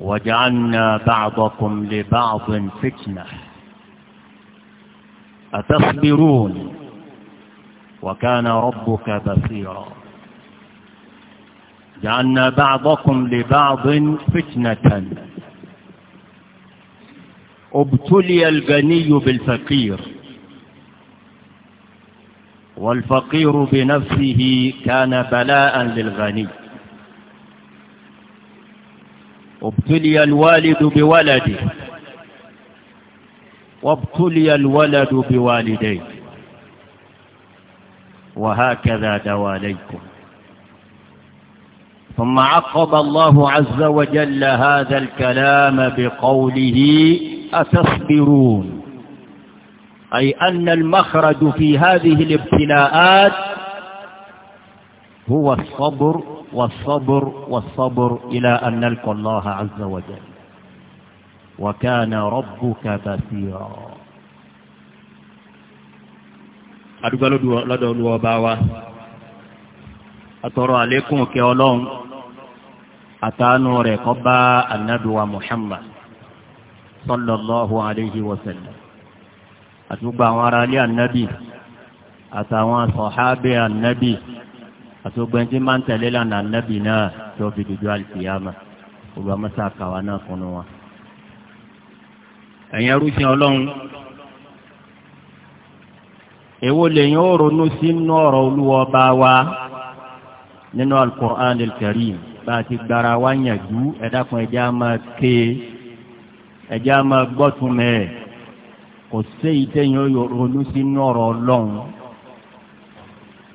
وجعلنا بعضكم لبعض فتنة أتصبرون وكان ربك بصيرا جعلنا بعضكم لبعض فتنة ابتلي الغني بالفقير والفقير بنفسه كان بلاء للغني ابتلي الوالد بولده وابتلي الولد بوالديه وهكذا دواليكم ثم عقب الله عز وجل هذا الكلام بقوله أتصبرون أي أن المخرج في هذه الابتلاءات هو الصبر والصبر والصبر إلى أن نلقى الله عز وجل وكان ربك بصيرا adúgbò lọ́dọ̀ olúwa ọba wa atọrọ àlékún kẹ ọlọ́run àtàánú rẹ̀ kó bá anabiwa muhammad sallallahu alayhi wa sallam àtúgbà àwọn aráalé anabi àtàwọn sọ̀hábẹ́ anabi. An àtògbẹ́ni tí máa ń tẹ̀lé lànà nẹ́bì náà tó fi dùdú àlùfíàmà olùwà mọ́sá kàwa náà fún wa. ẹ̀yin arúgbìn ọlọ́run èwo lèyìn ó ronú sínú ọ̀rọ̀ olúwa ọba wa nínú alukur'an al-karim bá a ti gbára wa yànjú ẹ̀dá kan ẹ̀já máa ké ẹ̀já máa gbọ́tùmẹ̀ kò séyìí tẹ̀yìn ó ronú sínú ọ̀rọ̀ ọlọ́run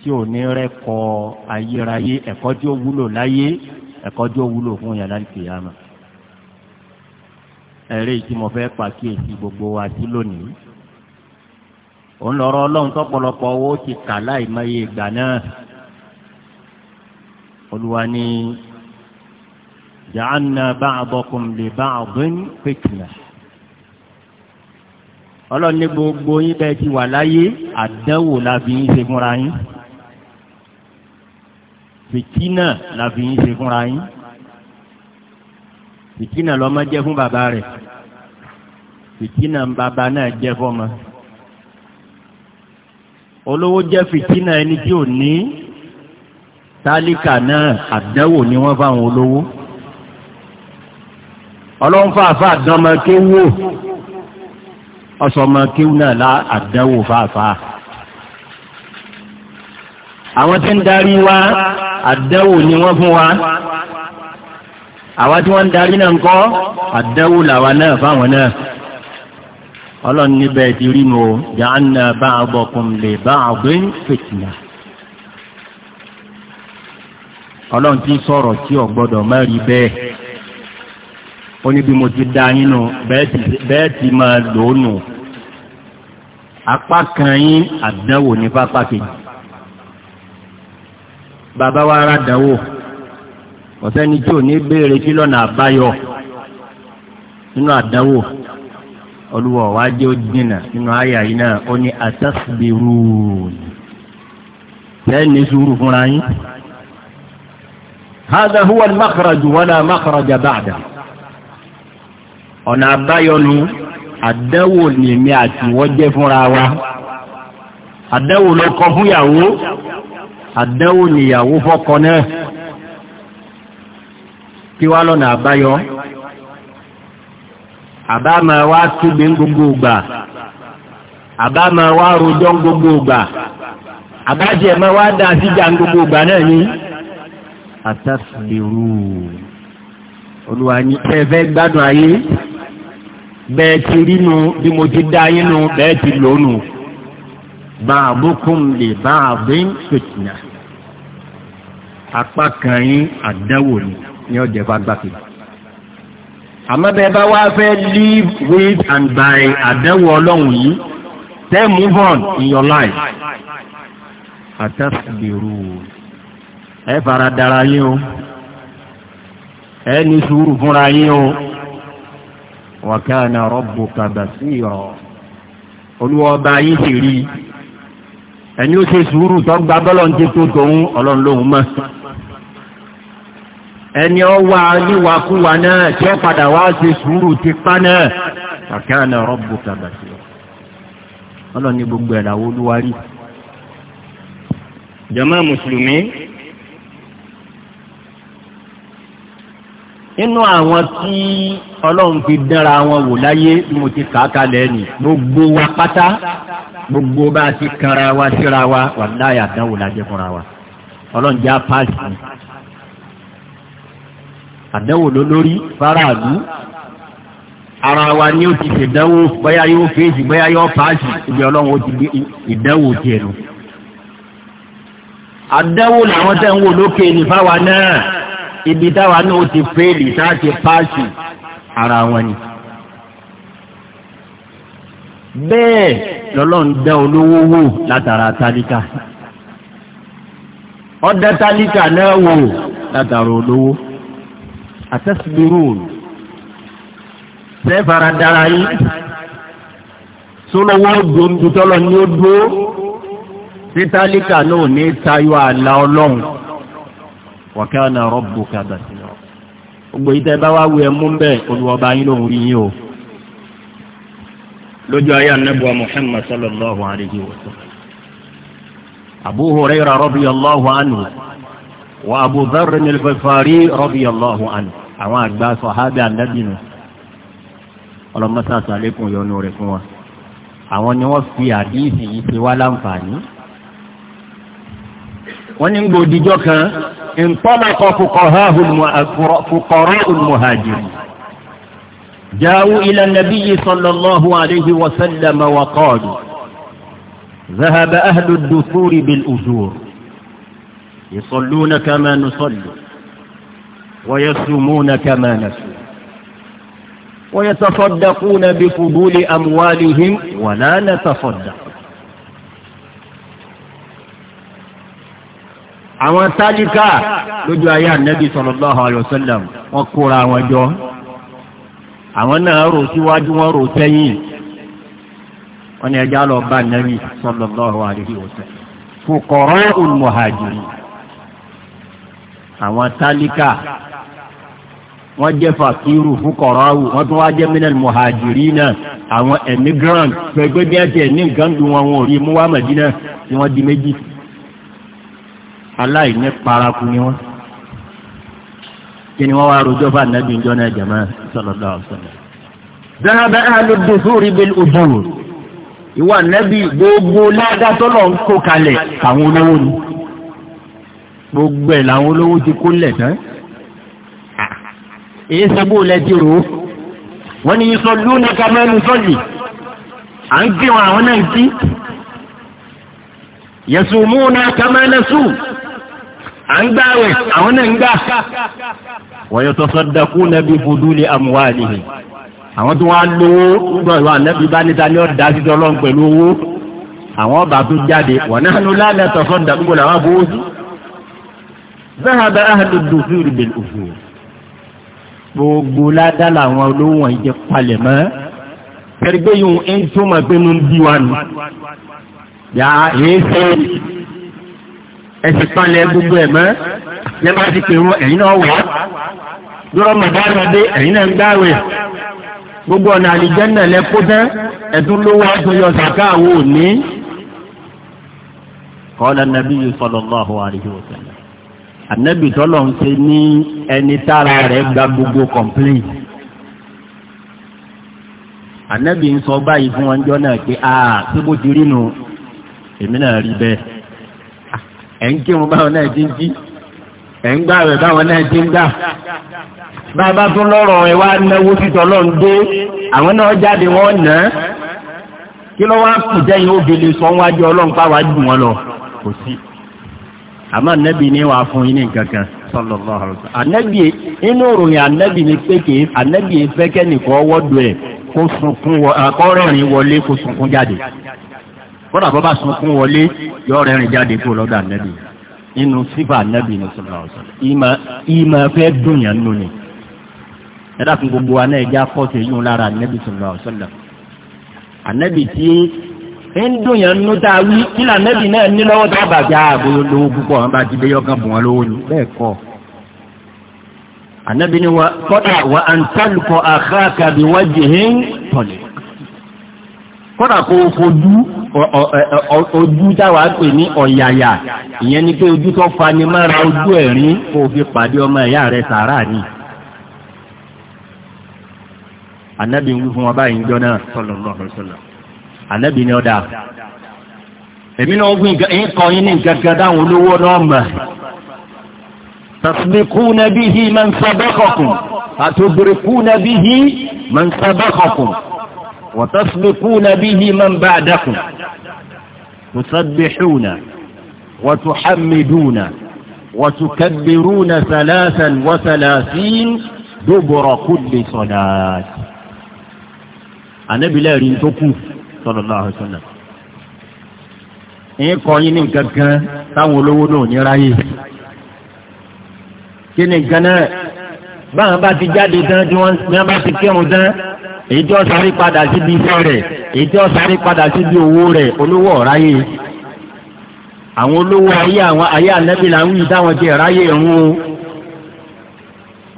tí ò ní rẹ́kọ̀ ayérayé ẹ̀kọ́ tí ó wúlò láyé ẹ̀kọ́ tí ó wúlò fún yàrá ìkìyàmà. ẹ̀rí tí mo fẹ́ pàkíyèsí gbogbo wa sí lónìí. ò ń lọ́rọ̀ ọlọ́run tọ́pọ̀lọpọ̀ owó ti kà láìmọye ìgbà náà. olúwa ni ja'anna ba'dakum li ba'din fitna ọlọ́run ní gbogbo yín bẹ́ẹ̀ ti wà láyé àdánwò la fi ń ṣe fúnra yín fìtínà la fi yín ṣe fúnra yín fìtínà lọ́mọ jẹ́ fún bàbá rẹ̀ fìtínà bàbá náà jẹ́ fọ́mọ olówó jẹ́ fìtínà ẹni tí ò ní tálíkà náà àdánwò ni wọ́n fáwọn olówó ọlọ́run fàáfà àdánmọ́ kéwò ọ̀sọ̀mọ́ kéwò náà lá àdánwò fàáfà àwọn tí ń darí wa àdánwò ni wọ́n fún wa àwa tí wọ́n ń darí náà ń kọ́ àdánwò làwa náà fáwọn náà ọlọ́run níbẹ̀ ti rí mo jàǹnà bá àbọ̀kùn lè bá àgbẹ̀ fìtìnà ọlọ́run ti sọ̀rọ̀ tí ò gbọ́dọ̀ má rí bẹ́ẹ̀ ó ní bí mo ti dá yín bẹ́ẹ̀ ti máa lò ó nù apá kan yín àdánwò ní pápá kejì bàbá wa ara dánwò ọ̀sẹ́ni tí ò ní béèrè kí lọ́nà àbáyọ nínú àdánwò olùwọ̀ wàá jẹ́ òjìnà nínú àyà yìí náà ó ní àtàsíbìrú lẹ́ni sùúrù fúnra yín. هذا هو المخرج ولا مخرج بعده ọ̀nà àbáyọnu àdánwò lèmi àti wọ́n jẹ́ fúnra wa àdánwò nìyàwó fọ́kọ náà kí wá lọ́nà àbáyọ àbá máa wá túbí gbogbo gbà àbá wá rojọ́ gbogbo gbà àbájẹ́ máa wá dá síjà gbogbo gbà náà ni àtàkùnlérú olùwà ní ẹ̀fẹ́ gbádùn ayé bẹ́ẹ̀ ti rí nu bí mo ti dá yín nu bẹ́ẹ̀ ti lò nù bàbúkùn lè bá àbí fìtìnà apá kan yín àdánwò ni ní ọjọ́ ìfagbákejì àmọ́ bẹ́ẹ̀ bá wá fẹ́ live with and by àdánwò ọlọ́run yìí then move on in your life àtàkùnbèrú ẹ fara dara yín o ẹ ní sùúrù fúnra yín o wa kana rabbuka basira olúwa ọba yín sì rí ẹni ó ṣe sùúrù tó gba bọ́lọ̀ ń tètò tòun ọlọ́run lòun mọ́ ẹni ọwà níwàkúwà náà tí ó padà wá sí sùúrù ti pa náà àkáànà rọ́bù kàbàtì ọlọ́ni gbogbo ẹ̀dàwó olúwarí jàmá mùsùlùmí inú àwọn tí ọlọ́run fi dára wọn wò láyé mo ti kà á kalẹ̀ ni gbogbo wa pátá gbogbo bá a ti kanra wa síra wa wà láyà dánwò lájẹ fúnra wa ọlọ́run jẹ́ apáàsì àdánwò lólórí fáráàlú ara wa ni ó ti ṣèdánwò bóyá yóò fèsì bóyá yóò paasi ibi ọlọ́run ó ti gbé ìdánwò tiẹ̀ nù. àdánwò làwọn tẹ̀ ń wò lókè ní fáwa náà ibi táwa náà ó ti fèèlì tá a ara wọn ni. bẹ́ẹ̀ lọ́lọ́run dá olówó wò látara tálíkà ọ̀dá tálíkà náà wò látara olówó àtẹ́sìmírùn sẹ́fara dára yín sólọ́wọ́ dòńdòtọ́lọ́ ni ó dúró títálíkà náà ní tayọ àlà ọlọ́run wàkánà rọ́bù kàbàtìyàn gbogbo ìtẹ́ bá wá wí ẹmú bẹ́ẹ̀ olùwọ́ba yín lòún rí yín o lójú ayé anábùwà muhammad sallallahu alayhi wa sallam abu hurairah radiyallahu anhu wa Abu Dharr al-Ghifari radiyallahu anhu àwọn àgbà sọ̀hábì ànábìnú ọlọ́mọ́sá sàlékún yọnu rẹ̀ fún wa àwọn ni wọ́n fi àdíìsì yìí ṣe wá láǹfààní wọ́n ní gbòdìjọ́ kan intalaqa fuqara'u al-muhajirin ja'u ila an-nabiyyi sallallahu alayhi wa sallam ahlu ad bil-ujur يصلون كما نصلي ويصومون كما نصوم ويتصدقون بفضول أموالهم ولا نتصدق àwọn tálíkà lójú ayé ànábì sallallahu alaihi wasallam wọ́n kóra wọn jọ àwọn náà rò síwájú wọ́n rò sẹ́yìn wọ́n ní ẹjá lọ bá ànábì sallallahu alaihi wasallam fuqara'ul muhajirin àwọn tálíkà wọ́n jẹ́ fàkírù fúkọ̀ráwù wọ́n tún wá jẹ́ minal muhajirina àwọn emigrant pẹ̀gbẹ́ bí ẹ̀jẹ̀ ní nǹkan dùn wọn wọn ò rí múwá mẹ̀dínà tí wọ́n di méjì aláìní paraku ni wọ́n kí ni wọ́n wá rojọ́ bá nàbí ìjọ náà jẹ̀mọ́ sọlọ́dọ̀ ọ̀sọ̀lọ́. zahaba ahlud dusuri bil ujur ìwà nàbí gbogbo ládàtọ́lọ̀ ń kó kalẹ̀ àwọn olówó ni gbogbo ẹ̀ làwọn olówó ti kó lẹ̀ tán ah, èyí sẹ́gbó lẹ ti rò ó wọ́n ní sọ lónìí ká mẹ́nu sọ́ọ̀lì à ń gbé wọn àwọn náà sí yẹ̀sùn mú náà ká mẹ́nu sùn à ń gbàwẹ̀ àwọn náà ń gbà wọ́n yẹ sọ́sọ́ dẹkú nẹ́bí fudú ní amúhàlìhìn àwọn tó wá lówó gbọ́dọ̀ ìwà nẹ́bí bá níta ní ọ̀dà sí ọlọ́run pẹ̀lú owó àwọn ọba tó jáde wọ́n náà ló lálẹ́ sọ́sọ́ dẹkú náà wá bó sí záhàbà ahàlù dùfúrì bẹ̀lú òfin gbogbo ládá làwọn olówó ìjẹ palẹ̀ mọ́ kẹrìgbẹ́ yìí ń tó máa gbénu bí wa nù yà èé fẹ́ ẹ̀sìn palẹ̀ gbogbo ẹ̀ mọ́ yẹn bá ti pèrò ẹ̀yin náà wà lọ́rọ̀ mọ̀dánù dé ẹ̀yin náà ń gbáwẹ̀ gbogbo ọ̀nà àlìjẹ́nà lẹ́kó tán ẹ̀dún ló wá tó yọ sàká àwọn òní. kọ́lá nàbí yìí sallallahu alaihi wa sallam ànábì tọ́lọ̀ ń ṣe ní ẹni tára rẹ̀ gba gbogbo complain ànábì ń sọ báyìí fún wọn jọ náà pé aa tí bó ti rí nu èmi náà rí bẹ́ẹ̀ ẹ̀ ń kírun báwọn náà ti ń jí ẹ̀ ń gbà rẹ̀ báwọn náà ti ń gbà bàbá tún lọ́rọ̀ ẹ̀ wá náwó títọ́ lọ́n dé àwọn náà jáde wọ́n nà á kí ló wá kù jẹ́yìn obìnrin sọ wájú ọlọ́run pa wájú wọn lọ kò sí àmọ́ ànábì ní wàá fún yín ní nǹkan kan sallallahu alaihi wasallam ànábì inú òròyìn ànábì ní pé kì í ànábì fẹ́kẹ́ nìkan wọ́dọ̀ ẹ̀ kó sunkún kó rẹ́rìn wọlé kó sunkún jáde kódà bọ́ bá sunkún wọlé yọ rẹ́rìn jáde kó lọ́dọ̀ ànábì inú sífà ànábì ní sallallahu alaihi wasallam ìmọ̀ fẹ́ dùn nù ni ẹ̀dá fún gbogbo wa náà yìí lára ànábì sallallahu alaihi ń dùn yẹn nínú tá a wí kí lànàbì náà ní lọ́wọ́ tó bàjẹ́ ààbò lówó púpọ̀ wọn bá ti dé yọkàn bùn wọn lówó ni bẹ́ẹ̀ kọ́ ànàbì ni kọ́dà wà á ń tálùkọ àkàkà bí wọ́n jì hín tọ̀lẹ̀ kọ́dà kó fojú ojú táwa pè ní ọ̀yàyà ìyẹn ni pé ojú tó fani mára ojú ẹ̀rín kó o fi pàdé ọmọ ẹ̀yà rẹ̀ sàárà ni ànàbì ń wí fún wọn báyìí ń jọ náà sallallahu alaihi wasallam ànábì ni ọ̀dà èmi náà fún yín kọ́ yín ní gẹ́gẹ́ dáhùn olówó náà mọ̀ tasbikuna bihi man sabaqakum àtòbìrìkúnà bihi man sabaqakum wa tasbikuna bihi man ba'dakum tusabbihuna wa tuhammiduna wa tukabbiruna thalathan wa thalathin dubura kulli salat ànábì la lẹ́rìí tó kù. sallallahu alaihi wasallam. ń kọ́ yín ní nǹkan kan táwọn olówó náà ní ráyè. kí ni nǹkan náà báwọn bá ti jáde tán tí wọ́n bá ti kírun tán èyí tí wọ́n sáré padà síbi iṣẹ́ rẹ̀ èyí tí wọ́n sáré padà síbi owó rẹ̀ olówó ọ̀ráyè àwọn olówó ayé àwọn ayé ànábì là ń wí táwọn ti ẹ̀ráyè ń o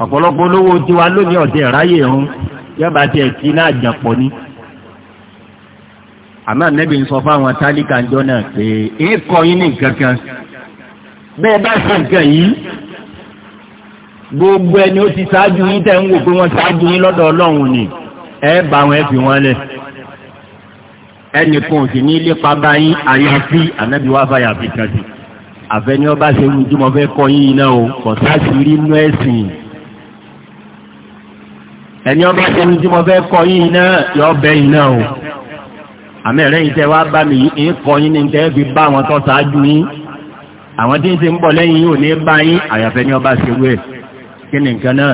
ọ̀pọ̀lọpọ̀ olówó tiwa lónìí ọ̀tẹ̀ ẹ̀ráyè ń yọba tiẹ̀ kí náà jàpọ̀ ni àmọ́ nẹ́bí ń sọ fáwọn tálíkà ńjọ́ náà pé èyí kọ́ yín ní nǹkan kan bẹ́ẹ̀ bá ṣe nǹkan yìí gbogbo ẹni ó ti ṣáájú yín tẹ̀ ń wò pé wọ́n ṣáájú yín lọ́dọ̀ ọlọ́run ni ẹ bá wọn ẹ fi wọn lẹ̀ ẹnìkan sì ní lépa báyìí àyàfi ànábi wá fàyà fi kan sí àfẹni ọba ṣe wù jùmọ̀ fẹ́ kọ́ yín iná o kọ̀tà sí rí inú ẹ̀sìn ẹni ọba ṣe wù jùmọ̀ fẹ́ kọ́ yín iná yọ ọbẹ̀ iná o àmẹ́rẹ́ yìí tẹ́ wá bá mi yìí ń kọ́ yín ní tẹ́ fi bá wọn tọ́ ṣáájú yín àwọn tí ń ti ń bọ̀ lẹ́yìn yìí ò ní bá yín àyàfẹ́ ní ọba ṣe wé kí ni nǹkan náà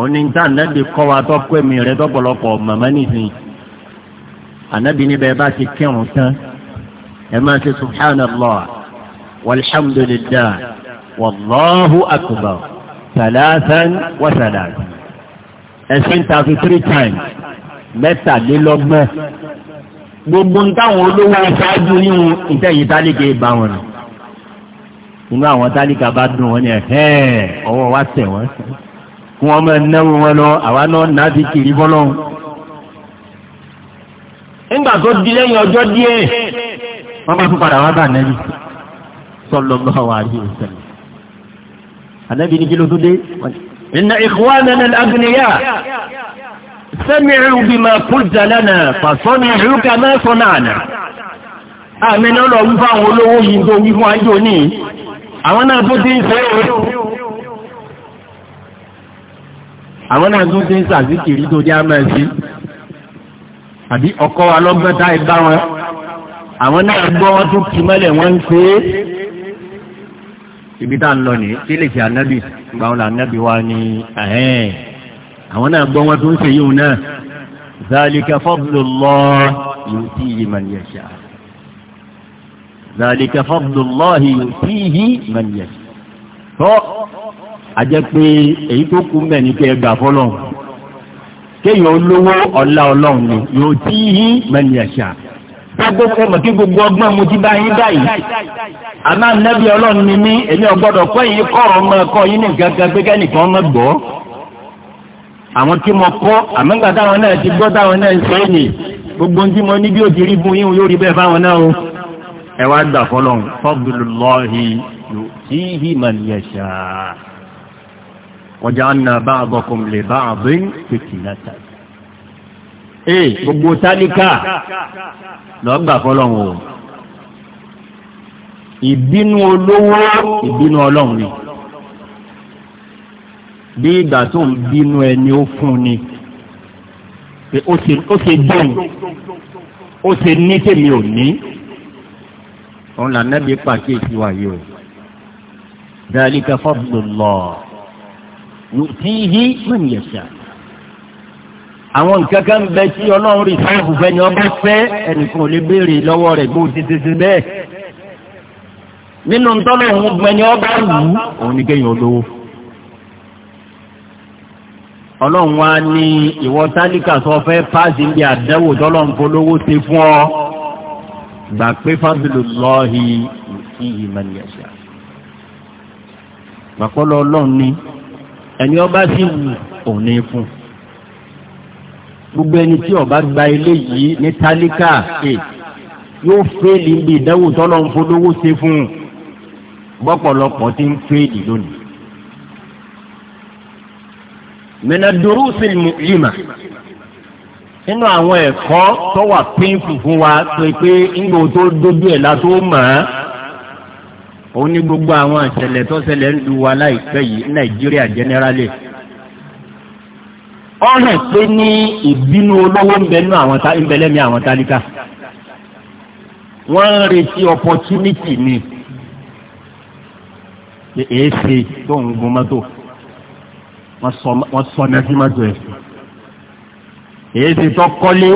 òní tá ànábì kọ́ wa tọ́ kó èmi rẹ tọ́pọ̀lọpọ̀ màmá nìsín ànábì níbẹ̀ bá ti kírun tán ẹ máa ṣe subhanallah walhamdulillah wallahu akbar salasan wa salasan ẹ̀sìn tàbí three times mẹ́tàlélọ́gbọ̀n gbogbo táwọn olówó ṣáájú nínú ìtẹ̀yìn tálíkà bá wọn nù inú àwọn tálíkà bá dùn wọn ni ẹ̀hẹ́n ọwọ́ wa tẹ̀ wọ́n kí wọ́n máa náwó wọn lọ àwa náà náà kiri bọ́lọ́hún. nígbà tó di lẹ́yìn ọjọ́ díẹ̀ wọ́n bá tún padà wá bá nẹ́bí sallallahu alaihi wasallam. ànẹ́bí ní kí ló tún dé. inna ikhwanana al-aghniya sami'u bima qulta lana fasani'u kama sana'na àmì náà lọ wí fáwọn olówó yìí tó wí fún àjò ní àwọn náà tó ti ń ṣe é àwọn náà tó ti ń ṣàzíkiri tó dé àmà sí àbí ọkọ wa lọ́gbẹ́ta ìbá wọn àwọn náà gbọ́ wọn tó kì mọ́lẹ̀ wọ́n ń ṣe é ibi tá à ń lọ nìyí tí lè ṣe ànábì gbàwọn ànábì wa ni ẹ̀hẹ́n àwọn náà gbọ́ wọn tó ń ṣe yóò náà zalika fadlullah yutihi man yasha zalika fadlullah yutihi man yasha tọ́ àjẹ́ pé èyí tó kú mẹ́ ní kẹ́ gbà fọ́lọ́ kéèyàn olówó ọ̀la ọlọ́run ni yutihi man yasha gbogbo mọ̀ kí gbogbo ọgbọ́n mo ti bá yín báyìí àmọ́ ànábì ọlọ́run ni mí èmi ò kọ́ yín kọ́ ọmọ ẹ̀kọ́ yín ní kan pé kẹ́nìkan ọmọ gbọ́ àwọn tí mo kọ́ àmọ́gbà táwọn náà ti gbọ́ táwọn náà ń sọ é nì gbogbo tí mo ní bí ó ti rí fún yín yóò rí bẹ́ẹ̀ fáwọn náà o ẹ wá gbà fọlọ́n fadlullahi yu'tihi man yasha bí ìgbà tó ń bínú ẹni ó fún ni ó ṣe dùn ó ṣe ní tèmi ò ní òun là nẹ́bí pàkíyèsí wa yìí o dhalika fadlullah yu'tihi man yasha àwọn nǹkan kan bẹ tí ọlọ́run rí sáàbù fẹ́ ni ọba fẹ́ ẹnìkan ò lè béèrè lọ́wọ́ rẹ̀ bó ti ti bẹ́ẹ̀ nínú ntọ́lọ́run gbẹ ni ọba wù òun ni kéèyàn olówó fún ọlọ́run wá ní ìwọ tálíkà sọ fẹ́ páàsì ń bí àdẹ́wò tọ́lọ́run polówó ti fún ọ gbà pé fábìlì lọ́ọ̀hì sí ìmọ̀lẹ́sà gbàpọ́lọ́ ọlọ́run ní ẹni ọba sì wù òní fún gbogbo ẹni tí ọba gba eléyìí ní tálíkà ẹ eh, yóò fẹ́ẹ̀lì ń bí ìdẹ́wò tọ́lọ́run polówó ti fún bọ́pọ̀lọpọ̀ ti ń fẹ́ẹ̀lì lónìí minadurusi mu'lima nínú àwọn ẹ̀kọ́ tó wà pínfù fún wa pé pé ńgbò tó dójú ẹ̀ la tó mọ̀ ẹ́ òun ní gbogbo àwọn ìṣẹ̀lẹ̀ tó ṣẹlẹ̀ ń lu wa láìpẹ́ yìí nàìjíríà jẹ́nẹ́rálì ọ̀hún pé ní ìbínú olówó ń bẹ nú àwọn tá ń bẹ lẹ́mí àwọn tálíkà wọ́n ń retí opportunity ni èé ṣe tó ń gun mọ́tò wọ́n sọ ní ẹsẹ̀ mọ́tò ẹ̀. èyí ti tọ́ kọ́lé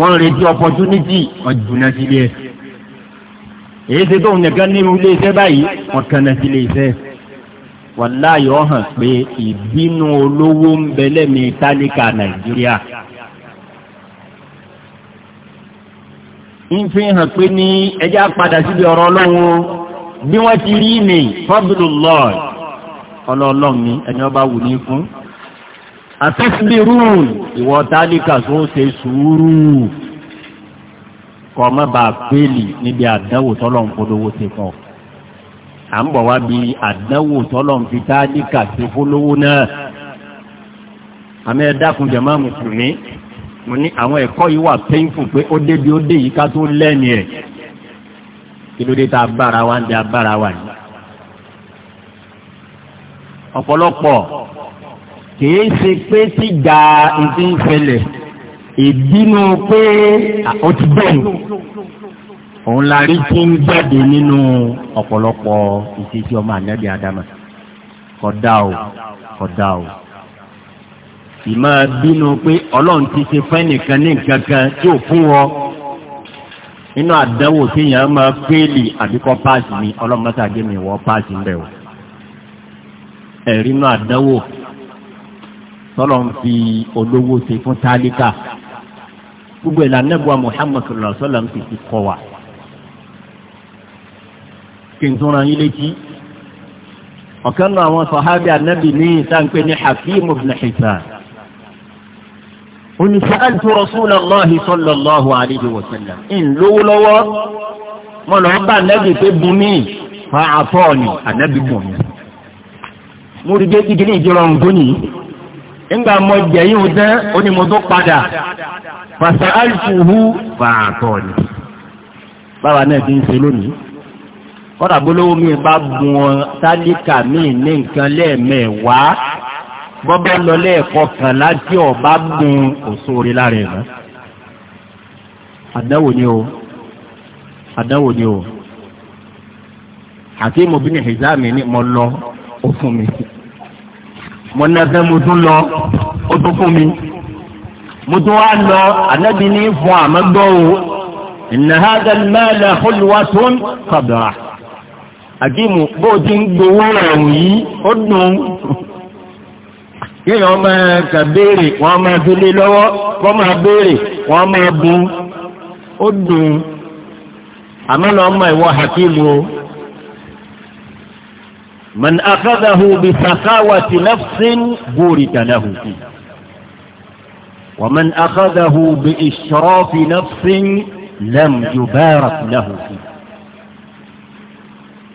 wọ́n retí opportunity wọ́n jùnà sílé ẹ̀. èyí ti tó nìkan nínú ilé iṣẹ́ báyìí wọ́n kànnà sílé iṣẹ́. wàláyé ọ hàn pé ìbínú olówó ń bẹ lẹ́mí tálíkà nàìjíríà. ń fi hàn pé ní ẹjẹ́ àpadà síbi ọ̀rọ̀ ọlọ́run bí wọ́n ti rí ní fọ́bùdù lọ́ọ̀dù ọlọ́ọ̀lọ́ọ̀ ni ẹni ọba wù ní fún àtẹ́sílérún ìwọ tálíkà tó ń ṣe sùúrù kọ́ má bàa pélì níbi àdánwò tọ́lọ̀ ń polówó ti fún ọ. à ń bọ̀ wá bí àdánwò tọ́lọ̀ ń fi tálíkà ti polówó náà. àmì ẹ̀dákun jẹ̀má mùsùlùmí mo ní àwọn ẹ̀kọ́ yìí wà pẹ́ńfù pé ó débi ó dé yìí ká tó lẹ́nu ẹ̀. kí ló dé tá a wa ń di abára wa yìí ọ̀pọ̀lọpọ̀ kìí ṣe pé tíjà ìdí ń fẹlẹ̀ ìbínú pé ó ti bẹ̀rù òun la rí tí ń jáde nínú ọ̀pọ̀lọpọ̀ ìṣesí ọmọ ànábì adama kódà o kódà o ìmọ̀ bínú pé ọlọ́run ti ṣe fẹ́ nìkan ní nǹkan kan tí ò fún wọn nínú àdánwò téèyàn máa pélì àbíkọ́ páàsì ni ọlọ́run mọ́tàgé mi wọ́ páàsì ń bẹ̀ wọ́n ẹ̀rí náà dánwò tọ́lọ̀ ń fi olówó ṣe fún tálíkà gbogbo ìlànà ẹ̀bùn Muhammad sallallahu alaihi wasallam ti kọ́ wa kí n tún ra yín létí ọ̀kan náà àwọn sọ̀hábí ànábì ní ìtànkpé ní Hakim ibn Hisan òní sa'altu Rasulullahi sallallahu alaihi wasallam ń lówó lọ́wọ́ mọ̀nà ọba ànábì pé bùnmí fa àfọ́ọ̀nì ànábì bùnmí mo rí gbé igi ní ìjọrọrùn tó nìyí ńgbà mọ jẹ yìí ń dán ó ní mo tó padà fàṣà àìsùnwú fàtọ ni báwa náà ti ń ṣe lónìí kọ́dà gbólóhùn mi bá gun ọ tálíkà mi ní nǹkan lẹ́ẹ̀mẹ́wàá bọ́bá lọ lẹ́ẹ̀kọ́ kan láti ọ̀bá gun òṣòre lára ẹ̀ mọ́ ni o àdáwò ni o àti mo bí ní ìzámi ní mo lọ ó fún mi mo ná fẹ́ mo tún lọ ó tún fún mi mo tún wá lọ ànábì ní fún àmọ́gbọ́ o inna hadha al-mala hulwatun fàbàrà àdìmú bó ti ń gbowó ọ̀hún yìí ó dùn yíyan ọmọ ẹ̀ka béèrè wọ́n máa fi lé lọ́wọ́ wọ́n máa béèrè wọ́n máa bùn ó dùn àmọ́ lọ́mọ ìwọ hakimu o. من أخذه بسخاوة نفس بورك له فيه ومن أخذه بإشراف نفس لم يبارك له فيه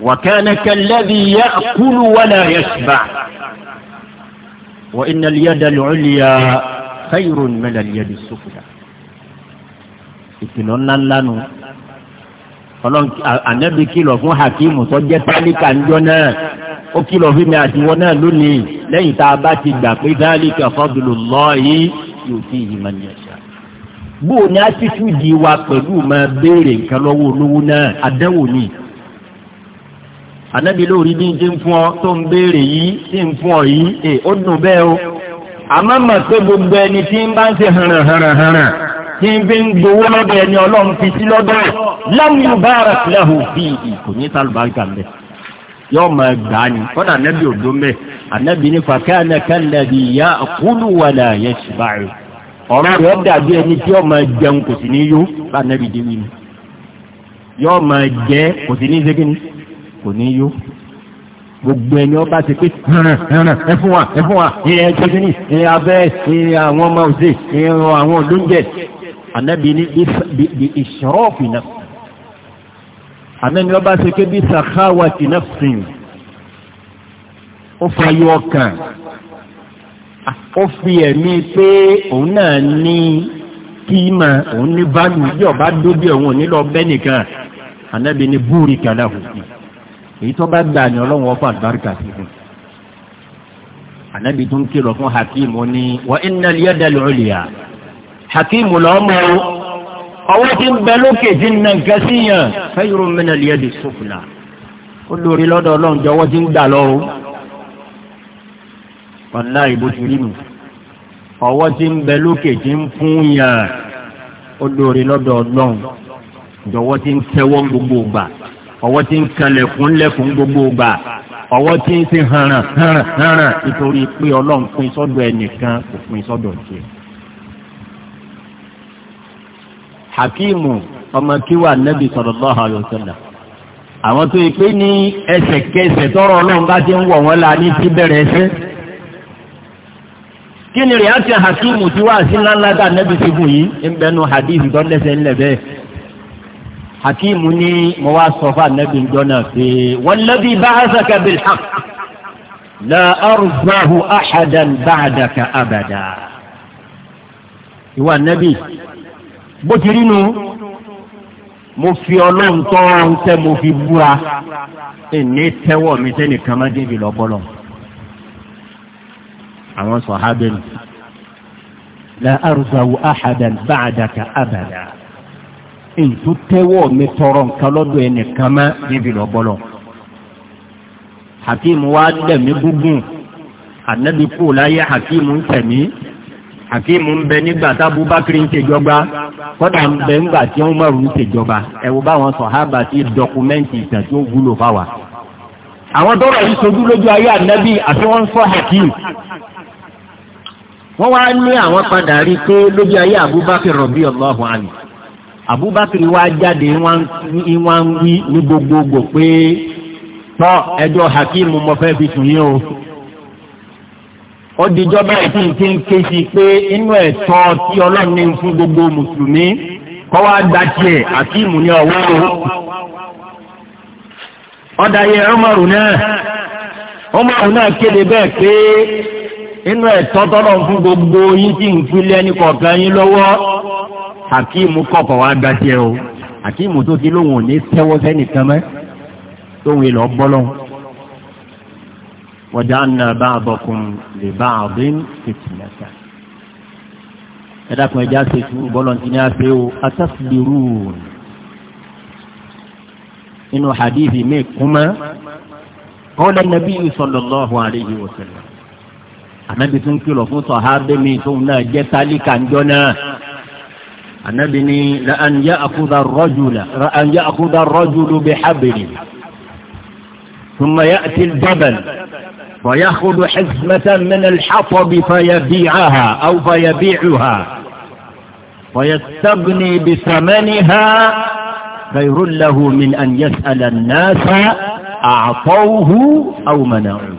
وكان كالذي يأكل ولا يشبع وإن اليد العليا خير من اليد السفلى ìkìlọ̀ ńlá ńlá ànábì kìlọ̀ fún hakimu tó jẹ́ tálíkà ńjọ́ ó kìlọ̀ fún mi àti wọn náà lónìí lẹ́yìn tá a bá ti gbà pé dhalika fadlullahi yutihi man yasha. bó o ní átítúdì wa pẹ̀lú máa béèrè nǹkan lọ́wọ́ olówó náà àdẹ́wò ni. ànábi lórí ní ti ń fún ọ tó ń béèrè yìí ti ń fún ọ yìí ó dùn bẹ́ẹ̀ o. àmọ́ mọ̀ pé gbogbo ẹni tí ń bá ń ṣe hànà hànà hànà tí ń fi ń gbowó lọ́dọ̀ ẹni ọlọ́run fi sí lọ́dọ̀ yóò mọ gbà á ní kọ́dà anábì òdo mẹ́ anábì ní fàkẹ́ anákẹ́lẹ́ bí ìyá àkúlù wà láàyè ṣùgbọ́n ọ̀rọ̀ rẹ̀ dàbí ẹni tí yóò mọ jẹun kò sì ní yó bá anábì dé wí ni yóò mọ jẹ kò sì ní ṣe kí ni kò ní yó gbogbo ẹni ọba ti pé ẹ fún wa ẹ fún wa ẹ jẹgini ẹ abẹ àwọn ọmọ òsè ẹ àwọn olóúnjẹ anabi ni bí náà àmẹ́ni ọba ṣe ké bí sàkáwà ti nafsin ó fayọ ọkàn ó fi ẹ̀mí pé òun náà ní kíma òun ní báyìí bí ọba dóbi òun ò ní lọ bẹ́ nìkan ànábi ní búrí kàdá òkú èyí tó bá gbà ní ọlọ́run ọ̀fọ̀ àgbáríkà sí fún ànábi tó ń kírọ̀ fún hakim ní wọ́n iná lẹ́dàá lọ́ọ̀lìyà hakim lọ́mọ́ ọwọ́ tí ń bẹ lókè tí ń na nǹkan sí yàn fẹ́yìrò mẹ́nà lìyẹ́ di sọ́fùlà ó lórí lọ́dọ̀ ọlọ́run jẹ́ ọwọ́ tí ń gbà lọ́rùn ọ̀nà ìbòtúrí nù ọwọ́ tí ń bẹ lókè tí ń fún yàn ó lórí lọ́dọ̀ ọlọ́run jẹ́ ọwọ́ tí ń tẹ́wọ́ gbogbo gbà ọwọ́ tí ń kalẹ̀kùn lẹ́kùn gbogbo gbà ọwọ́ tí ń ti hànràn hànràn hànràn nítorí pé ọlọ́run pín sọ́dọ̀ ẹnìkan kò pín sọ́dọ̀ tiẹ̀. hakimu ọmọ kíwà nabi sallallahu alaihi wasallam àwọn tó ìpé ní ẹsẹ̀kẹsẹ̀ tọrọ ọlọ́run bá ti ń wọ̀ wọ́n la ní ti bẹ̀rẹ̀ ẹsẹ̀ kí ni rẹ̀ á ti hakimu tí wàá sí ńláńlá dà nabi ti fún yìí ń bẹnu hadith tó lẹ́sẹ̀ ńlẹ̀ bẹ́ẹ̀ hakimu ni mo wá sọ fún anabi jọ́nà pé walladhi ba'athaka bil haqq la arzahu ahadan ba'daka abada ìwà nabi bó ti rí nu mo fi ọlọ́run tọ́ ohun tẹ́ mo fi búra èmi tẹ́wọ́ mi sẹ́nìkan má débi lọ́bọ́lọ́ àwọn sọ̀hábẹ́ nù la arzawu ahadan ba'daka abada ètò tẹ́wọ́ mi tọrọ nǹkan lọ́dọ̀ ẹnìkan má débi lọ́bọ́lọ́ hakim wa dẹ̀mí gúngùn anabi kò láyé hakim ń tẹ̀mí hakeem ń bẹ nígbà tí abubakar ń tẹjọba kọ́dà ń bẹ nígbà tí umaru ń tẹjọba ẹ wo báwọn sọ̀hábà ti dọkumẹ́ntì ìtàn tí ó wúlò fáwa. àwọn tọrọ yìí sojú lójú ayé ànábì àti wọn sọ hakeem wọ́n wá ní àwọn padà rí pé lójú ayé abubakar radiyallahu anhu abubakar wá jáde ìwọ̀n ń wí ní gbogbogbò pé tọ́ ẹjọ́ hakeem mo fẹ́ fi sùn yín o ó dijọ́ báyìí tí n ti ń ké sí pé inú ẹ̀tọ́ tí ọlọ́run ní fún gbogbo mùsùlùmí kọ́ wá gba tiẹ̀ àti ìmùní ọ̀wọ́ o. ọ̀dà yẹ ọmọrùn náà ọmọrùn náà kéde bẹ́ẹ̀ pé inú ẹ̀tọ́ tọ́lọ̀ fún gbogbo yín tí ń filẹ̀ ní kọ̀ọ̀kan yín lọ́wọ́ àkíìmù kọ̀ọ̀kan wá gba tiẹ̀ o àkíìmù tó ti lóhùn ò ní tẹ́wọ́ sẹ́nìkan mẹ́ tóhùn ìlọ́ bọ́lọ́hùn. وجعلنا بعضكم لبعض فتنة كذلك مجاسس بولون تنافيو أتصبرون إنه حديث ميكما قال النبي صلى الله عليه وسلم أنبي سنكي لفو صحابي من سونا جتالي كان جنا أنبي ني لأن يأخذ الرجل لأن يأخذ الرجل بحبل ثم يأتي الجبل فيأخذ حزمة من الحطب فيبيعها أو فيبيعها ويستغني بثمنها خير له من أن يسأل الناس أعطوه أو منعوه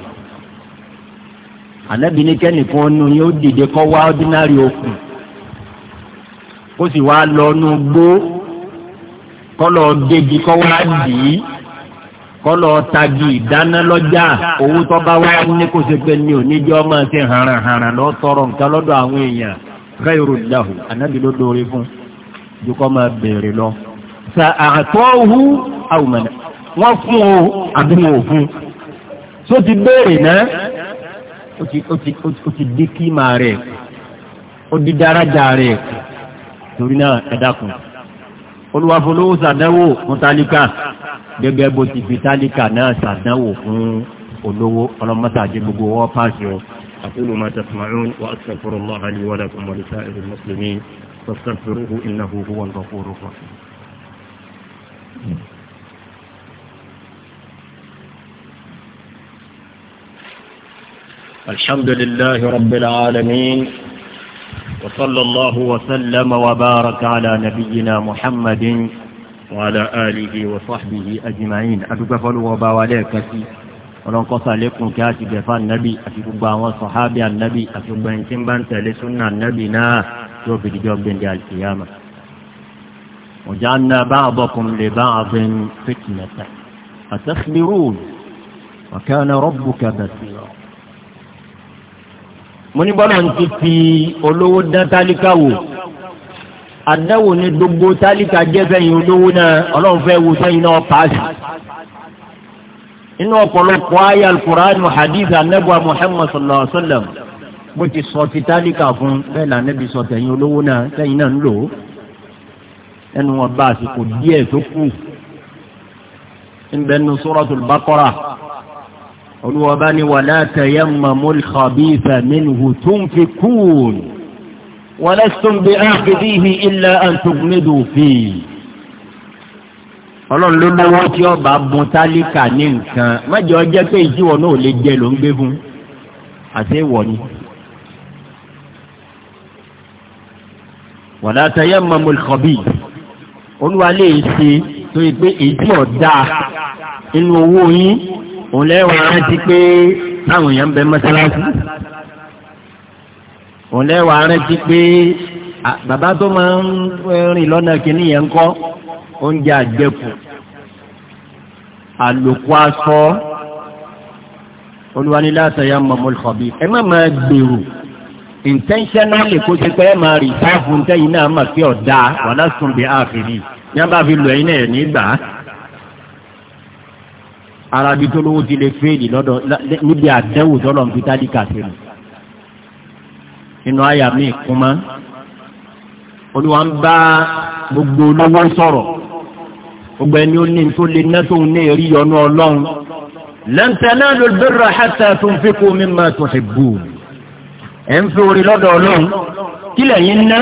أنا بني كان يكون يودي dìde kọ́ wá ọ́dínárì okùn kó sì wá lọ nú gbó kọlọ tagi ìdáná lọ́jà owó tó bá wá ní kó ṣe pé ní oníjọ́ máa ṣe haranharan lọ tọrọ nǹkan lọ́dọ̀ àwọn èèyàn ghayru lahu anábì ló dóore fún jùkọ́ máa béèrè lọ. sa àtọ́hu àwùmọ̀nà wọ́n fún o àbí wọn ò fún tó ti béèrè náà ó ti di kíma rẹ̀ ó di dáradà rẹ̀ torí náà ẹ̀dá kan olùwàfọlọ́wọ́sà dánwò gẹ́gẹ́ bó ti fi tálíkà náà ṣàdánwò fún olówó ọlọ́mọ́sàájì gbogbo wọ́n pàṣẹ o. أقول ما تسمعون وأستغفر الله لي ولكم ولسائر المسلمين فاستغفروه إنه هو الغفور الرحيم الحمد لله رب العالمين وصلى الله وسلم وبارك على نبينا محمد wàhálà àlìhí wọ́sàbìhí ajimáyìn adúgbàfọ́lùwọ́ bá wa lẹ́ẹ̀kan sí ọlọ́nkọ́sà lẹ́kùn kí a ti bẹ̀fà nábì àti gbogbo àwọn sọ̀hábì ànábì àti gbogbo ẹni tí ń bá ń tẹ̀lé súnà nábì náà yóò fi dídí ọgbìn di àlìkìyàmà. ọ̀já ńlá bá àbọ̀kùn lè bá àbẹ̀n fìtìmẹ̀tà àtẹ́sìmírùn ọ̀kẹ́ni rọ́bù kẹbẹ̀sì rọ̀. mo ní bọ́lá ń ti fi olówó dán wò àdáwò ni gbogbo tálíkà jẹ́ fẹ́yìn olówó náà ọlọ́run fẹ́ wo sẹ́yìn náà paasi inú ọ̀pọ̀lọpọ̀ ayé alukuraanu hadith anabuwa muhammad sallallahu alaihi wa sallam bó ti sọ ti tálíkà fún bẹ́ẹ̀ náà níbi sọ tẹ̀yìn olówó náà sẹ́yìn náà ń lò ó ẹnu wọn bá àsìkò díẹ̀ tó kù ńbẹ nu suratul baqara olùwọ́ba ni wàlá tayammamu al-khabitha minhu tunfikun. ولستم bí ákìdíhì ilẹ̀ àtúgbìmẹ́dù fìí. ọlọ́run ló lówó tí ọba bun tálíkà ní nǹkan mẹ́jọ jẹ́ pé ìjíwọ̀ náà lè jẹ ló ń gbé fún àti ìwọ̀ ni. wọ̀dà tẹ̀yẹ́ mọ̀mọ́lì kọ̀bí olúwa lè ṣe tó yẹ pé èyí ọ̀dà inú owó yín òun lẹ́wọ̀n rántí pé táwọn èèyàn ń bẹ mọ́sálásí òun lẹ́wàá rántí pé bàbá tó máa ń rìn lọ́nà kìíní yẹn ń kọ́ oúnjẹ àjẹkù àlòkù aṣọ olùwaniláṣẹyà mọ̀mọ́lùkọ̀bí ẹ má máa gbèrò intentionally kó ṣe pé ẹ máa rí sáfù ntẹ́yìn náà mà sí ọ̀dà wàlá sunbi àfìrí ní a bá fi lọ ẹ̀yin náà nígbà arabi tó lówó ti lè fèèlì lọ́dọ̀ níbi àdẹ́wò tọ́lọ̀ ń fi tálíkà sí mi nínú àyà mi kúmá olúwa ń bá gbogbo olówó sọ̀rọ̀ gbogbo ẹni ó ní tó lè ná tóun ní èrí yọnu ọlọ́run lan tanalul birra hatta tunfiqu mimma tuhibbun ẹ̀ ń fi orí lọ́dọ̀ ọlọ́run kí lẹ́yìn ná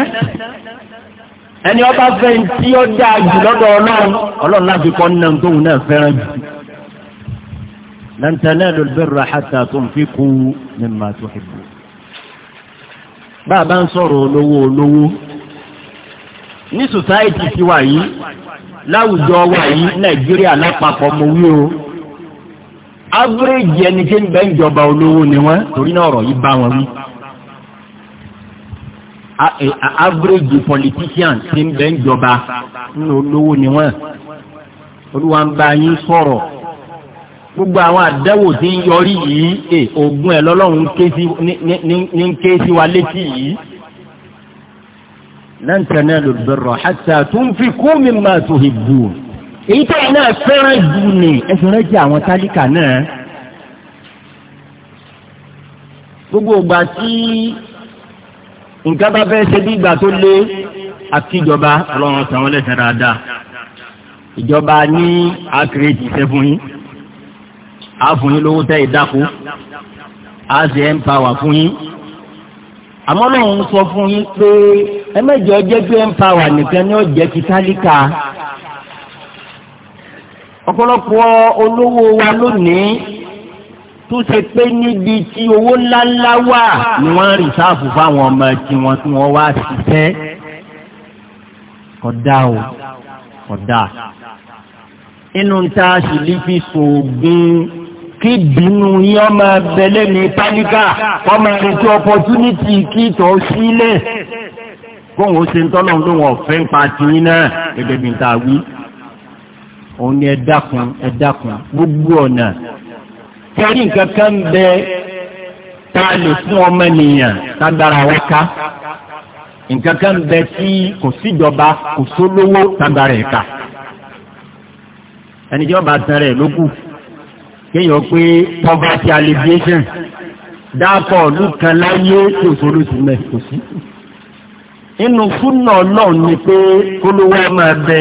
ẹni ọba fẹ́ tí ó dáa jù lọ́dọ̀ ọlọ́run ọlọ́run láti kọ́ ní náà tóun náà fẹ́ràn jù lan tanalul birra hatta tunfiqu mimma tuhibbun. bàbá ń sọ̀rọ̀ olówó olówó ní sòsáìtì ti wà yìí láwùjọ wà yìí nàìjíríà lápapọ̀ mo wí o áfíríjì ẹni tí ń bẹ́ ń jọba olówó ni wọ́n torí náà ọ̀rọ̀ yìí bá wọn wí e, politician tí ń bẹ́ ń ni wọ́n olúwa ń gbogbo àwọn àdẹ́wò tí ń yọrí yìí e, ẹ ògùn ẹ̀ lọ́lọ́run ní ń ké sí wa létí yìí. lan tanalul birra hatta tunfiqu mimma tuhibbun. èyí tó yẹn náà fẹ́ràn jù ní ẹsẹ̀ rẹ̀ jẹ́ àwọn tálíkà náà. gbogbo ìgbà tí nǹkan bá fẹ́ ṣe bí ìgbà tó lé àti ìjọba ọlọ́run sàn wọ́n lẹ́sẹ̀ dáadáa. ìjọba ní àkìrẹ́jì sẹ́fún yín á fún yín lówó tẹ́ ìdáko á sì ẹ̀ ń pa wà fún yín àmọ́ náà ń sọ fún yín pé ẹ mẹ́jọ jẹ́ pé ẹ̀ ń pa wà nìkan ni ó ti tálíkà ọ̀pọ̀lọpọ̀ olówó wa lónìí tó ṣe pé níbi tí owó ńláńlá wà ni wọ́n rí sáàfù fáwọn ọmọ tí wọ́n tí wọ́n wá ṣiṣẹ́ kódà o kódà inú ta sì lè fi sòògùn kí bínú yín ọmọ abẹ́lé ní pálíkà ọmọ ètò opportunity kí tó sílẹ̀ kó wọn ṣe ń tọ́lọ̀ ló wọn fẹ́ ń pa tìyín náà gẹ́gẹ́ bí n ta wí. òun ni ẹ dákun ẹ dákun gbogbo ọ̀nà kẹrí nǹkan kan bẹ tá a lè fún ọmọ nìyàn tágbára wa ká nǹkan kan bẹ tí kò síjọba kò sólówó tágbára ẹ̀ ká ẹnìjọba tẹ̀rẹ̀ ló kù kéèyàn pé poverty alleviation dáàpọ̀ ọ̀lú kan láyé kò sóró sí mẹ́ kò sí. inú fúnà ọlọ́run ni pé kólówó ọmọ ẹbẹ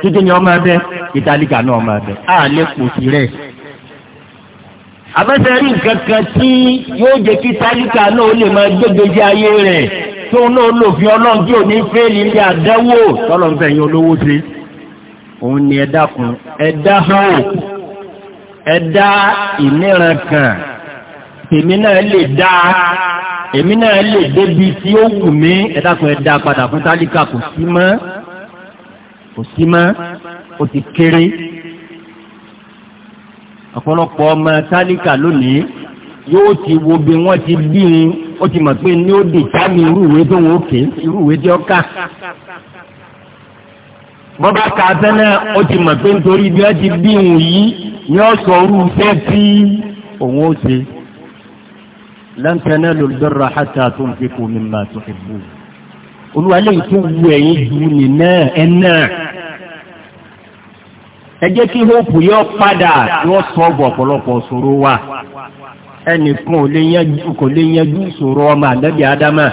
kíkẹ́ ni ọmọ ẹbẹ ìtàlíkà náà ọmọ ẹbẹ àlẹ kò sí rẹ̀. abẹ́sẹ̀ rí nǹkan kan tí yóò jẹ́ kí tálíkà náà ó lè máa gbégbèjì ayé rẹ̀ tó náà lòfin ọlọ́run tí ò ní fẹ́ẹ̀lì ilé àdánwò tọ́lọ́run fẹ̀yìn olówó sí. òun ni ẹ dákun ẹ dá hàn ó ẹ dá ìníran kan èmi náà lè dá èmi náà lè débi tí ó wù mí ẹ dákun ẹ dá padà fún tálíkà kò sí mọ́ kò sí mọ́ ó ti kéré ọ̀pọ̀lọpọ̀ ọmọ tálíkà lónìí yóò ti wo bí wọ́n ti bí un ó ti mọ̀ pé ní ó dè tá irú ìwé tó wọ́n ó ké irú ìwé tí ó kà bọ́bá ka tẹ́lẹ̀ ó ti mọ̀ pé nítorí bí wọ́n ti bí òun yìí ni ó sọ orú iṣẹ́ tí òun ó ṣe. lan tanalu al-birra hatta tunfiqu mimma tuhibbun. olúwa lè tún wu ẹ̀yìn ju ní náà ẹ̀ náà. ẹ jẹ́ kí hóòpù yọ padà tí wọ́n sọ ọ̀bọ̀ ọ̀pọ̀lọpọ̀ ṣòro wa. ẹnìkan kò lè yanjú ìṣòro ọmọ àlẹ́bí ádámà.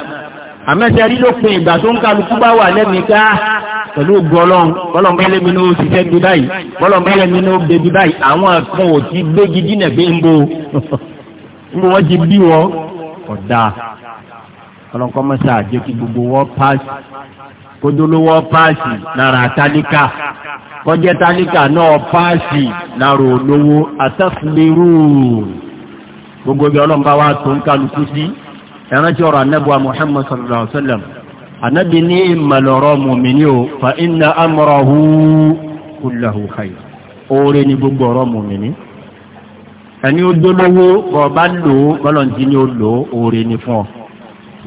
àmọ́ sẹ́rí ló pe ìgbà tó ń kálukú bá wà lẹ́mìí pẹ̀lú ògùn ọlọ́run bọ́lọ̀n bá lẹ́mi ní ó ṣiṣẹ́ bí báyìí bọ́lọ̀n bá lẹ́mi ní ó bẹ bí báyìí àwọn kan ò ti gbégi dínà pé ń bo ń bo wọ́n ti bí wọ́ ọ̀dà ọlọ́nkọ́ mọ́sá àjẹ́ kí gbogbo wọ́ páàsì kódólówó páàsì lára tálíkà kọjẹ́ tálíkà náà páàsì lára olówó àtàkùnlérú gbogbo ibi ọlọ́run bá wa tó ń kálukú sí ẹ̀rántí Muhammad sallallahu alaihi wa sallam ànábì ní ìmọ̀lọ̀rọ̀ mùmìnì o fa inna amrahu kullahu khair oore ni gbogbo ọ̀rọ̀ mùmìnì ẹni ó dólówó bọ̀ bá lò ó bọ́lọ̀ntì ni ó lò ó oore ni fún ọ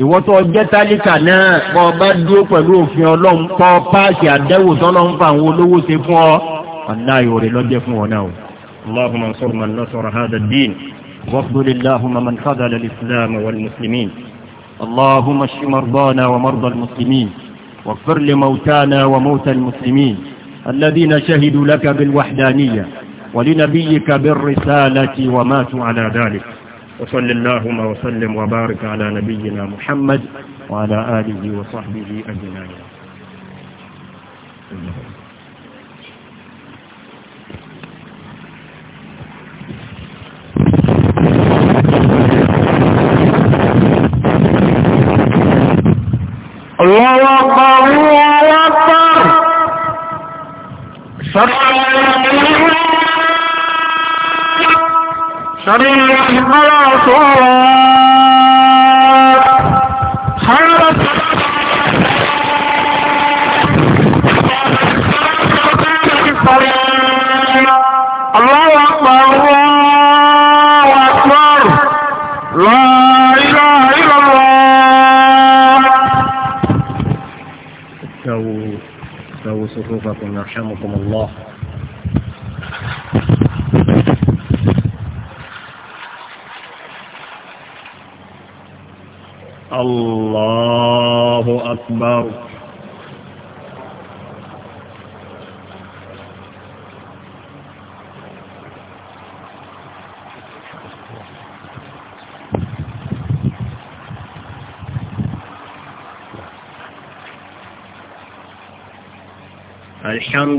ìwọ́tọ̀ ọjẹ́ tálíkà náà bọ́ bá dúró pẹ̀lú òfin ọlọ́run páàkì àdẹ́wò tọ́lọ́run àwọn olówó ṣe fún ọ ọ̀nà ìwòrè lọ́jẹ́ fún ọ náà اللهم انصر من نصر هذا الدين اللهم اشف مرضانا ومرضى المسلمين واغفر لموتانا وموتى المسلمين الذين شهدوا لك بالوحدانية ولنبيك بالرسالة وماتوا على ذلك وصل اللهم وسلم وبارك على نبينا محمد وعلى آله وصحبه أجمعين الله قوي وطر صلى صلى على صلاة حرب الله أكبر صفوفكم يرحمكم الله الله أكبر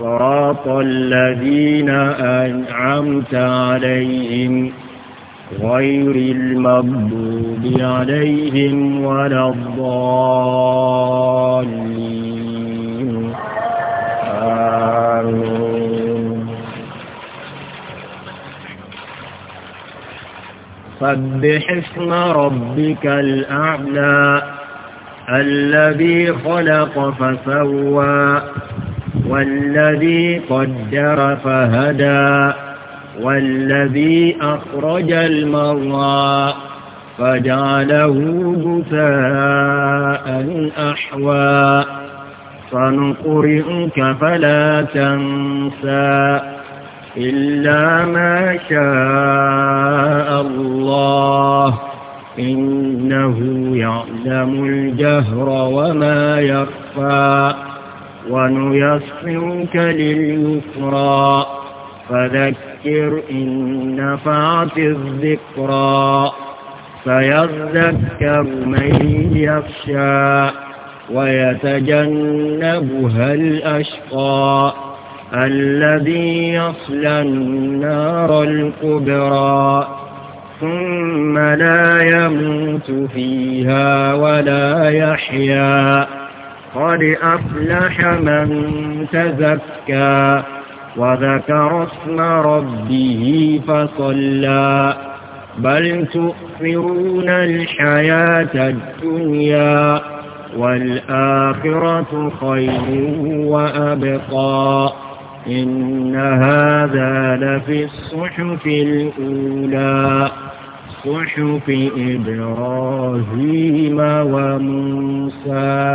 صراط الذين أنعمت عليهم غير المغضوب عليهم ولا الضالين آمين سبح اسم ربك الأعلى الذي خلق فسوى والذي قدر فهدى والذي أخرج المرى فجعله جثاء أحوى سنقرئك فلا تنسى إلا ما شاء الله إنه يعلم الجهر وما يخفى ونيسرك لليسرى فذكر إن نفعت الذكرى فيذكر من يخشى ويتجنبها الأشقى الذي يصلى النار الكبرى ثم لا يموت فيها ولا يحيى قد أفلح من تزكى وذكر اسم ربه فصلى بل تؤثرون الحياة الدنيا والآخرة خير وأبقى إن هذا لفي الصحف الأولى صحف إبراهيم وموسى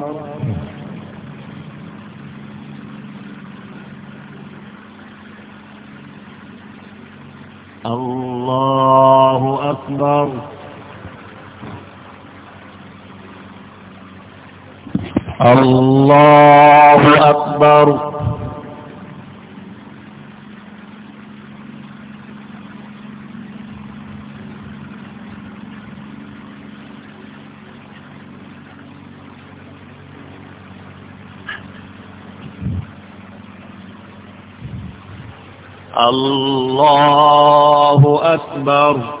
الله أكبر الله أكبر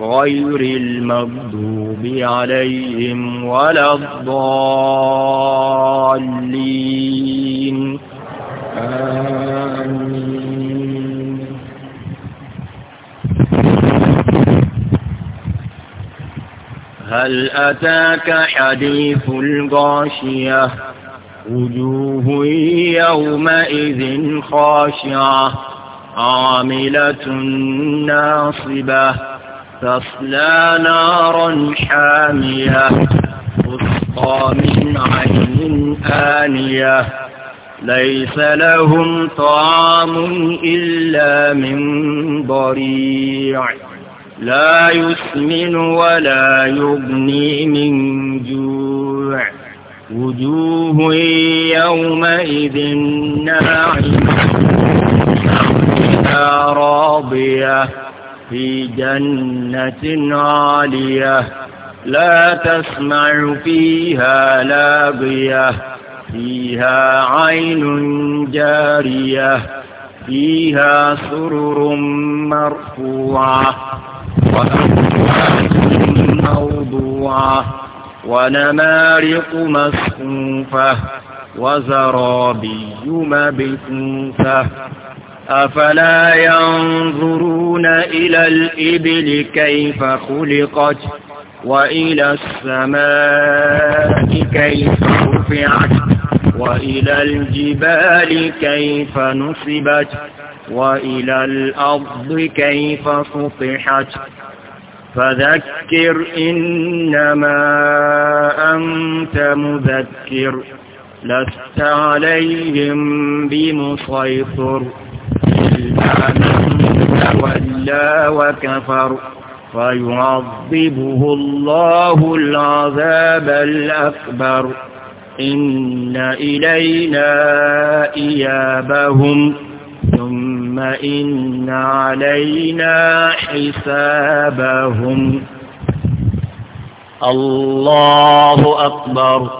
غير المغضوب عليهم ولا الضالين آمين هل أتاك حديث الغاشية وجوه يومئذ خاشعة عاملة ناصبة تصلى نارا حامية تسقى من عين آنية ليس لهم طعام إلا من ضريع لا يسمن ولا يغني من جوع وجوه يومئذ ناعمة راضية في جنة عالية لا تسمع فيها لاغية فيها عين جارية فيها سرر مرفوعة وأكواب موضوعة ونمارق مصفوفة وزرابي مبثوثة أفلا ينظرون إلى الإبل كيف خلقت وإلى السماء كيف رفعت وإلى الجبال كيف نصبت وإلى الأرض كيف سطحت فذكر إنما أنت مذكر لست عليهم بمسيطر من تولى وكفر فيعذبه الله العذاب الأكبر إن إلينا إيابهم ثم إن علينا حسابهم الله أكبر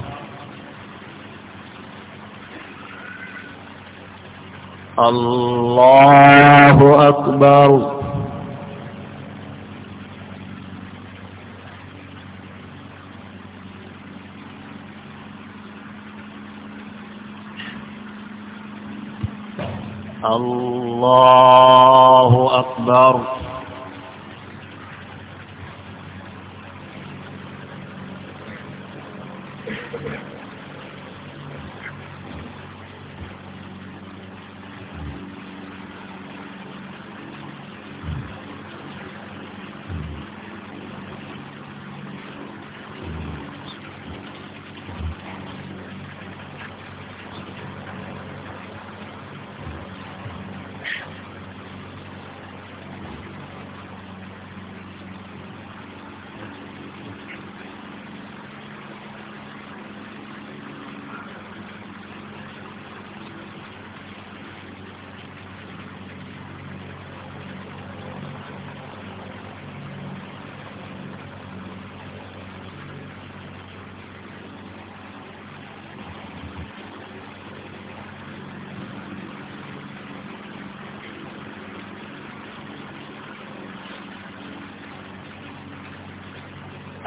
الله أكبر الله أكبر